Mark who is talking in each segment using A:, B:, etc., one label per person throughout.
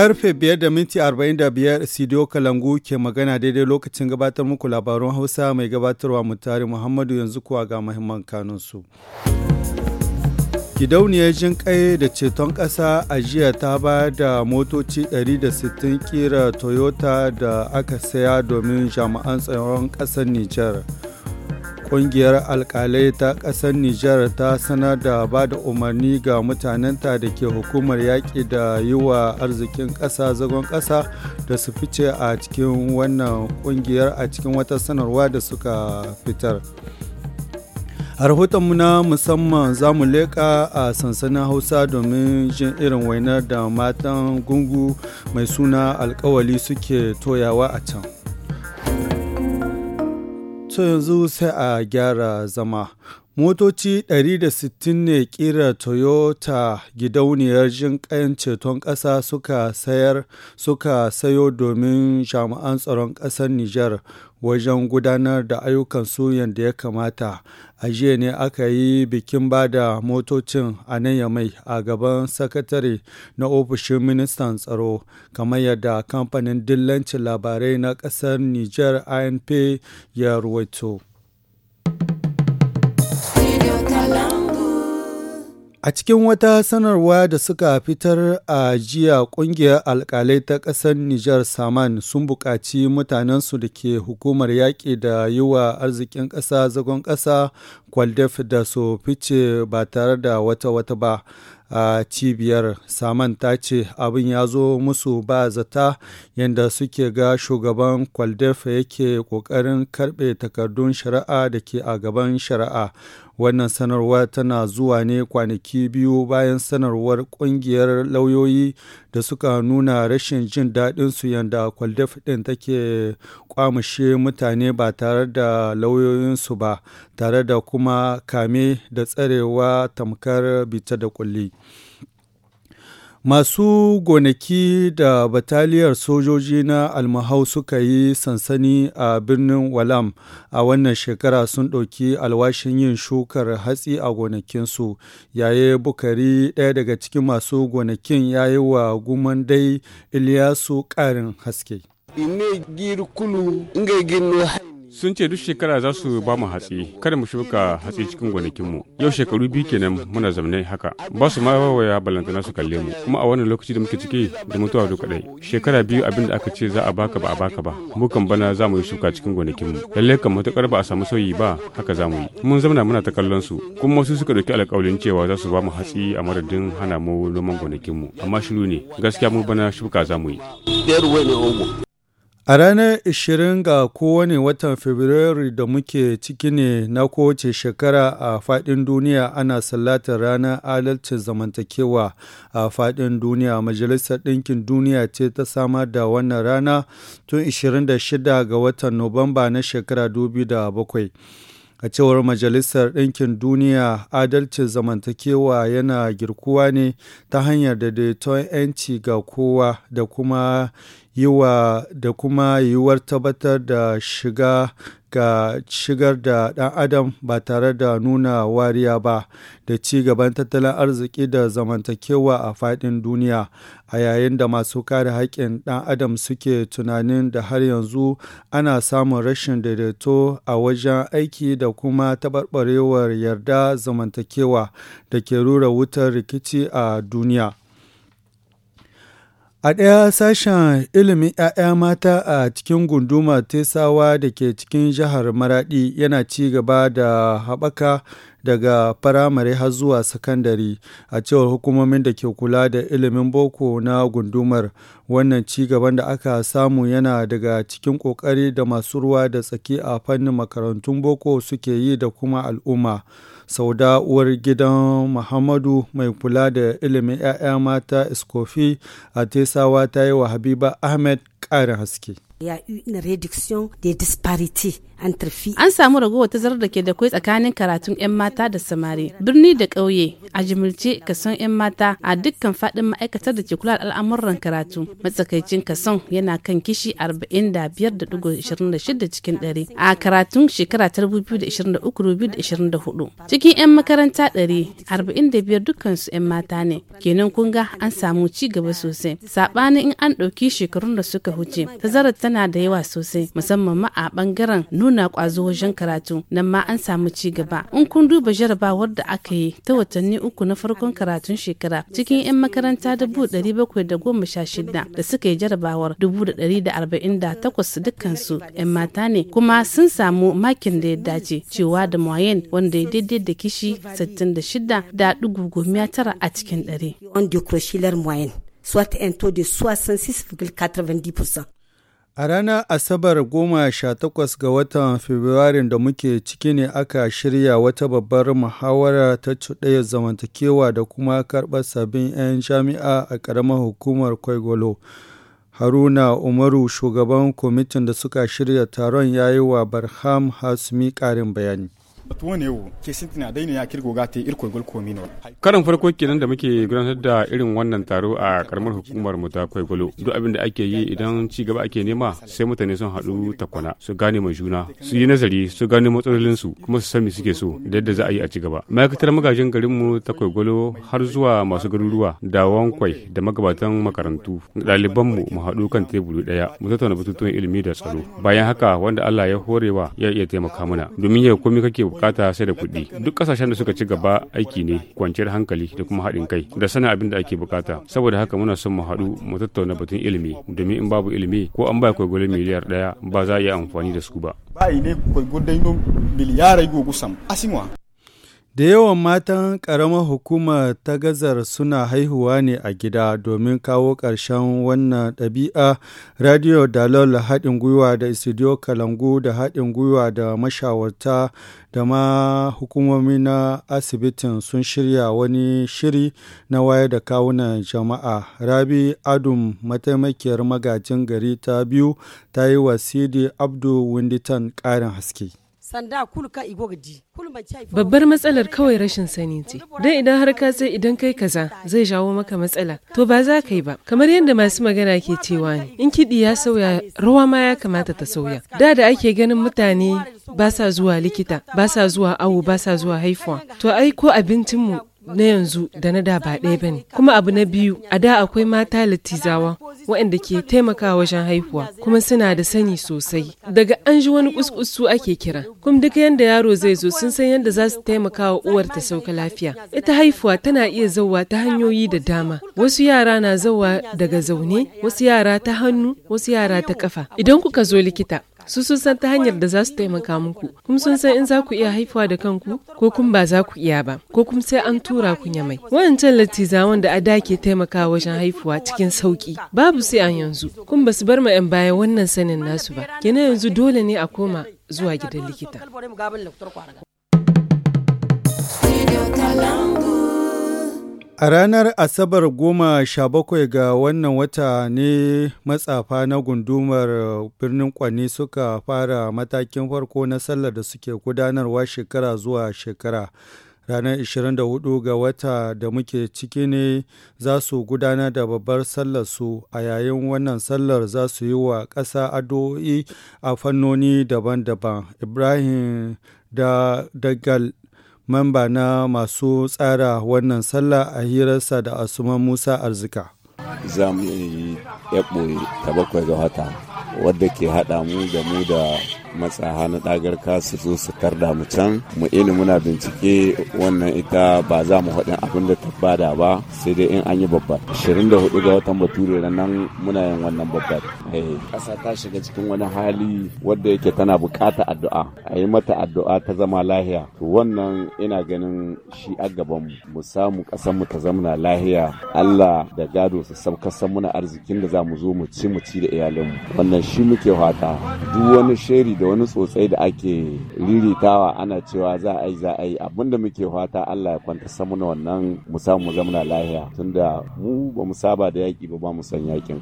A: Karfe biyar da Sidiyo Kalangu ke magana daidai lokacin gabatar muku labarun Hausa mai gabatarwa mutare Muhammadu yanzu kuwa ga mahimman kanunsu. Gidauniyar jin kai da ceton ƙasa a jiya ta ba da motoci 160 kira Toyota da aka saya domin jami'an tsaron ƙasar Nijar. Ƙungiyar alƙalai ta ƙasar Nijar ta sanar da ba da umarni ga mutanenta da ke hukumar yaƙi da yi wa arzikin ƙasa zagon ƙasa da su fice a cikin wannan ƙungiyar a cikin wata sanarwa da suka fitar. a rahotonmu na musamman za mu leƙa a sansanin hausa domin jin irin wainar da matan gungu mai suna alkawali suke toyawa a can. To yanzu sai a gyara zama Motoci 160 ne kira Toyota gidauniyar jinƙayen ceton ƙasa suka sayar suka sayo domin jami'an tsaron ƙasar Nijar wajen gudanar da ayyukan su yadda ya kamata. A jiya ne aka yi bikin ba da motocin a nan yamai a gaban sakatare na ofishin ministan tsaro kamar yadda kamfanin dillancin labarai na ƙasar Nijar inp ya ruwaito. A cikin wata sanarwa da suka fitar a jiya ƙungiyar alkalai ta ƙasar Nijar Saman sun buƙaci mutanensu da ke hukumar yaƙi da yi wa arzikin ƙasa zagon ƙasa kwaldef da su fice ba tare da wata wata ba. a cibiyar saman ta ce abin ya zo musu ba zata yadda suke ga shugaban kwaldefa yake kokarin karbe takardun shari'a da ke a gaban shari'a wannan sanarwa tana zuwa ne kwanaki biyu bayan sanarwar kungiyar lauyoyi da suka nuna rashin jin daɗin yadda kwaldef ɗin take kwamushe mutane ba tare da lauyoyinsu ba tare da kuma kame da tsarewa tamkar bita da kulli. Masu gonaki da bataliyar sojoji na almahau suka yi sansani a birnin Walam a wannan shekara sun ɗauki alwashin yin shukar hatsi a gonakinsu, yayi Bukari ɗaya daga cikin masu gonakin ya yi wa dai Iliyasu ƙarin haske.
B: Sun ce duk shekara za su ba mu hatsi, kada mu shuka hatsi cikin gonakinmu. Yau shekaru biyu kenan muna zaune haka. Ba su ma wawaya balantana su kalle mu. Kuma a wannan lokaci da muke ciki da mutuwa duk kadai. Shekara biyu abin da aka ce za a baka ba a baka ba. Mu bana za mu yi shuka cikin gonakinmu. Lalle kan matukar ba a samu sauyi ba haka za mu yi. Mun zauna muna ta kallon su. Kuma wasu suka dauki alkawarin cewa za su ba mu hatsi a madadin hana mu noman gonakinmu. Amma shiru ne. Gaskiya mu bana shuka za mu yi.
A: A ranar 20 ga kowane watan Fabrairu da muke ciki ne na kowace shekara a faɗin duniya ana sallatar ranar adalcin zamantakewa a faɗin duniya. Majalisar Ɗinkin Duniya ce ta samar da wannan rana tun 26 ga watan Nuwamba na shekara 2007. a cewar majalisar ɗinkin duniya adalcin zamantakewa yana girkuwa ne ta hanyar da daidaiton 'yanci ga kowa da kuma Yi wa da kuma yiwuwar tabbatar da shiga ga shigar da ɗan adam ba tare da nuna wariya ba da ci gaban tattalin arziki da zamantakewa a faɗin duniya a yayin da masu kare haƙƙin ɗan adam suke tunanin da har yanzu ana samun rashin daidaito a wajen aiki da kuma taɓarɓarewar yarda zamantakewa da ke rura wutar rikici a duniya. A ɗaya sashen ilimin ‘ya'ya mata a cikin gunduma Tesawa da ke cikin jihar Maraɗi yana ci gaba da haɓaka daga firamare har zuwa sakandare a cewar hukumomin da ke kula da ilimin boko na gundumar wannan ci gaban da aka samu yana daga cikin ƙoƙari da masu ruwa da tsaki a fannin makarantun boko suke yi da kuma al'umma. sauda uwar gidan muhammadu mai kula da ilimin 'ya'ya mata iskofi a tesawa ta yi wa habiba ahmed ƙarin haske
C: ya une reduction de disparity entre filles. An samu ragowar tazarar da ke da kwai tsakanin karatun 'yan mata da samari. Birni da ƙauye a jimilce kason 'yan mata a dukkan faɗin ma'aikatar da ke kula da al'amuran karatu. Matsakaicin kason yana kan kishi 45.26 cikin 100 a karatun shekara ta 2023-2024. Cikin 'yan makaranta 145 dukkan dukkansu 'yan mata ne. Kenan kun ga an samu ci gaba sosai. Saɓanin in an ɗauki shekarun da suka huce. Tazarar tana da yawa sosai musamman ma a bangaren nuna kwazo wajen karatu nan ma an samu ci gaba in kun duba jarabawar da aka yi ta watanni uku na farkon karatun shekara cikin 'yan makaranta dubu dari bakwai da goma sha shida da suka yi jarabawar dubu da dari da arba'in da takwas dukkansu 'yan mata ne kuma sun samu makin da ya dace cewa da moyen wanda ya daidai da kishi sittin da shida da ɗigo goma tara a cikin ɗari. Soit un de
A: A ranar Asabar 18 ga watan Fabrairu da muke ciki ne aka shirya wata babbar muhawara ta cuɗaya zamantakewa da kuma karɓar sabbin 'yan jami'a a ƙaramar hukumar Kwaigolo. Haruna Umaru shugaban kwamitin da suka shirya taron yayi wa Barham Hasmi ƙarin bayani. karin farko kenan da
B: muke gudanar da irin wannan taro a karamar hukumar mu ta kwaigwalo duk abin da ake yi idan ci gaba ake nema sai mutane sun haɗu takwana su gane mai juna su yi nazari su gane matsalolin su kuma su san me suke so da yadda za a yi a ci gaba ma'aikatar magajin garin mu ta kwaigwalo har zuwa masu garuruwa da wankwai da magabatan makarantu ɗaliban mu mu haɗu kan teburi ɗaya mu tattauna batutuwan ilimi da tsaro bayan haka wanda Allah ya horewa ya iya taimaka mana domin yau komai kake bukata sai da kuɗi duk kasashen da suka ci gaba aiki ne kwanciyar hankali da kuma haɗin kai da sanin abin da ake bukata saboda haka muna son mu haɗu mu tattauna batun ilimi domin in babu ilimi ko an bai kwaigwale miliyar ɗaya ba za a iya amfani da su ba. ba ne miliyar asinwa.
A: Da yawan matan ƙaramar hukuma ta Gazar suna haihuwa ne a gida domin kawo ƙarshen wannan ɗabi'a, Radio Dalol haɗin gwiwa da istidiyo Kalangu da haɗin gwiwa da mashawarta da ma hukumomi na asibitin sun shirya wani shiri na wayar da kawunan jama'a. Rabi Adum mataimakiyar magajin gari ta biyu ta yi wa Sidi Abdu Winditan ƙarin haske. Babbar matsalar kawai rashin sani ce, dan idan har ka sai idan kai
D: kaza zai jawo maka matsala, to ba za ka yi ba. Kamar yadda masu magana ke cewa ne, in kiɗi ya sauya rawa ma ya kamata ta sauya. Da da ake ganin mutane ba sa zuwa likita, ba sa zuwa awo, ba sa zuwa haifuwa. To ai ko abincinmu na yanzu da na da ba ɗaya bane kuma abu na biyu a da akwai mata latizawa waɗanda ke taimakawa wajen haihuwa kuma suna da sani sosai daga an ji wani kuskusu ake kira kuma duk yadda yaro zai zo sun san yadda za su taimaka uwar ta sauka lafiya ita haihuwa tana iya zauwa ta hanyoyi da dama wasu yara na zauwa daga zaune wasu yara ta hannu wasu yara ta kafa idan kuka zo likita su sun san ta hanyar da za su taimaka muku kuma sun san in za ku iya haifuwa da kanku ko kun ba za ku iya ba ko kuma sai an tura ku nyamai wancan latiza da a da ke taimakawa wajen haifuwa cikin sauki babu sai an yanzu kuma ba su bar ma 'yan baya wannan sanin nasu ba kenan yanzu dole ne a koma zuwa gidan likita.
A: A ranar Asabar goma sha bakwai ga wannan wata ne matsafa na gundumar birnin Kwani suka fara matakin farko na sallar da suke gudanarwa shekara zuwa shekara. Ranar 24 ga wata da muke ciki ne za su gudanar da babbar sallar su a yayin wannan sallar za su yi wa ƙasa addu'o'i a fannoni daban-daban. Ibrahim da dagal mamba na masu tsara wannan sallah a hirarsa da asuman musa arzika
B: za mu yi ya ta bakwai ga wata wadda ke haɗa mu da mu da matsaha na dagar ka su zo su karda mu can mu ini muna bincike wannan ita ba za mu faɗin abin da ta bada ba sai dai in an yi babba 24 ga watan bature nan muna yin wannan babba eh. ƙasa ta shiga cikin wani hali wadda yake tana bukata addu'a a yi mata addu'a ta zama lahiya to wannan ina ganin shi a gaban mu samu ƙasar mu ta zama lahiya Allah da gado su sab san muna arzikin da za mu zo mu ci mu ci da mu. wannan shi muke fata duk wani sheri da wani sosai da ake riritawa ana cewa za a yi za a yi abinda muke fata Allah ya kwanta samuna wannan mu samu mu zamana lahiya tunda mu ba mu saba da yaƙi ba ba mu san yaƙin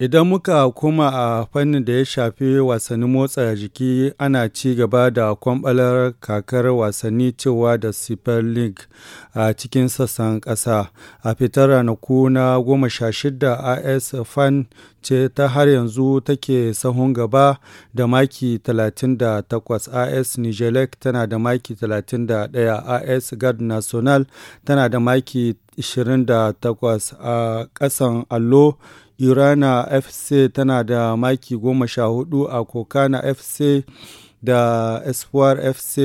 A: Idan muka kuma a fannin da ya shafi wasannin motsa jiki ana ci gaba da kwamɓalar kakar wasanni cewa da Super League a cikin sassan ƙasa. A fitar ranaku na goma sha shida AS Fan ce ta har yanzu take sahun gaba da maki 38 AS Nijelek tana da maki 31 AS Gard National tana da maki 28 a ƙasan allo irana fc tana da maki goma sha hudu a kokana fc da espoir fc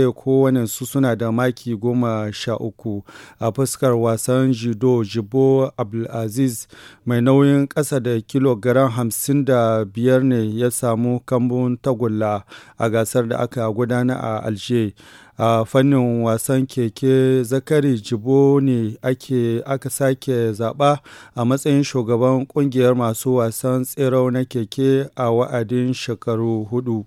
A: su suna da maki goma sha uku a fuskar wasan jido jibo abdulaziz mai nauyin ƙasa da kilogram hamsin da biyar ne ya samu kambun tagulla a gasar da aka gudana a alger a fannin wasan keke zakari jibo ne ake aka sake zaɓa a matsayin shugaban ƙungiyar masu wasan tsirau na keke a wa'adin shekaru hudu.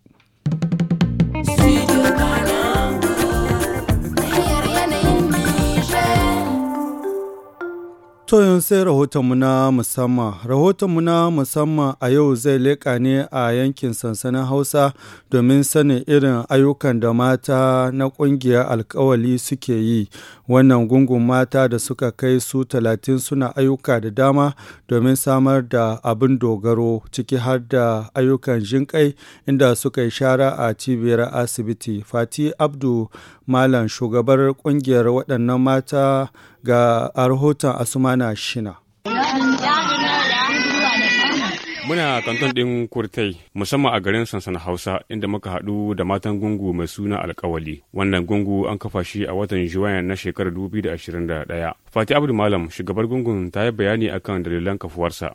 A: Toyin sai rahotonmu na musamman. Rahotonmu na musamman a yau zai leƙa ne a yankin sansanin Hausa domin sanin irin ayyukan da mata na ƙungiyar alkawali suke yi Wannan gungun mata da suka kai su talatin suna ayyuka da dama domin samar da abin dogaro ciki har da ayyukan jinƙai inda suka yi shara a cibiyar asibiti. Fati Abdu Malam shugabar ƙungiyar waɗannan mata ga a rahoton Asumana Shina.
C: Muna
B: kanton ɗin Kurtai musamman a garin sansan Hausa inda muka haɗu da matan gungu mai suna alkawali. Wannan gungu an kafa shi a watan Juwayan na shekarar 2021. Fati Abdu Malam shugabar gungun ta yi bayani akan dalilan kafuwarsa.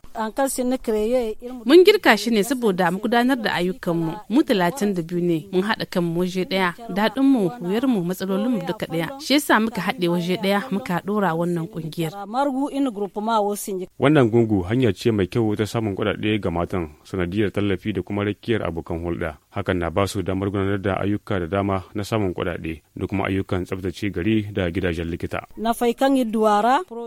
C: Mun girka shi ne saboda mu gudanar da ayyukanmu. Mu talatin da biyu ne mun haɗa kan waje daya Daɗin mu, wuyar mu, matsalolin mu duka ɗaya. Shi yasa muka haɗe waje daya muka ɗora wannan ƙungiyar.
B: Wannan gungu hanya ce mai kyau ta samun kuɗaɗe ga matan sanadiyar tallafi da kuma rakiyar abokan hulɗa. hakan na basu damar gudanar da ayyuka da dama na samun kuɗaɗe da kuma ayyukan tsabtace gari da gidajen likita.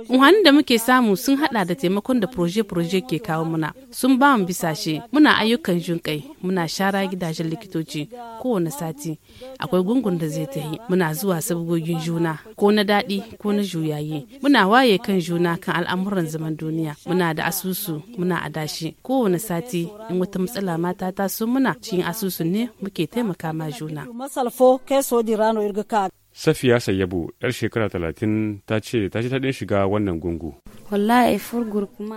C: Wani da muke samu sun hada da taimakon da proje-proje ke kawo muna. Sun ba mu bisashe, muna ayyukan kai muna shara gidajen likitoci kowane sati. Akwai gungun da zai tahi, muna zuwa sabgogin juna, ko na daɗi ko na juyayi. Muna waye kan juna kan al'amuran zaman duniya. Muna da asusu, muna adashi. Kowane sati in wata matsala mata ta so muna cikin asusu su ne muke taimaka ma juna.
B: Safiya Sayyabu, 'yar shekara talatin ta ce ta ji shiga wannan gungu.
C: Wallahi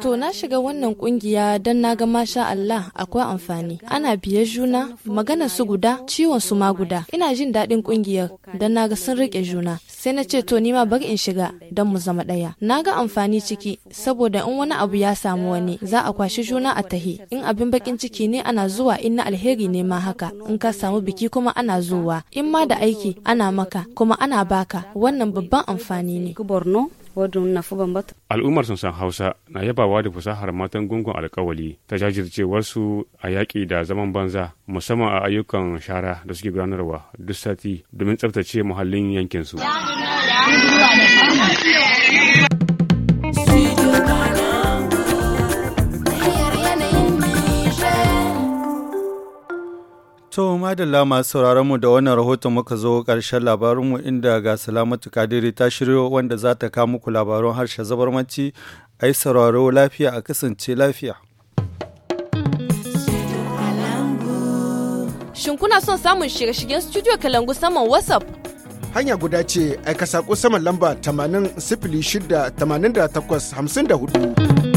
C: To na shiga wannan kungiya don na ga masha Allah akwai amfani. Ana biye juna, magana su guda, ciwon su ma guda. Ina jin daɗin kungiyar don na ga sun rike juna. Sai na ce to ni ma bari in shiga don mu zama ɗaya. Na ga amfani ciki saboda in wani abu ya samu wani za a kwashi juna a tahi. In abin bakin ciki ne ana zuwa in na alheri ne ma haka. In ka samu biki kuma ana zuwa. In ma da aiki ana maka. Kuma kuma ana baka wannan babban amfani ne.
B: Al'ummar sun Hausa na yabawa da fasahar matan gungun alkawali ta su a yaƙi da zaman banza musamman a ayyukan shara da suke gudanarwa duk sati domin tsaftace muhallin yankinsu.
A: To madalla masu sauraron mu da wannan rahoton muka zo ƙarshen labarinmu inda ga Salamatu Kadiri ta shirya wanda za ta kawo muku labarun harshen zabarmanci yi sauraro lafiya a kasance lafiya.
C: Shin kuna son samun shirye-shiryen studio Kalangu saman WhatsApp?
B: Hanya guda ce aika saƙo saman lamba 80 88 54.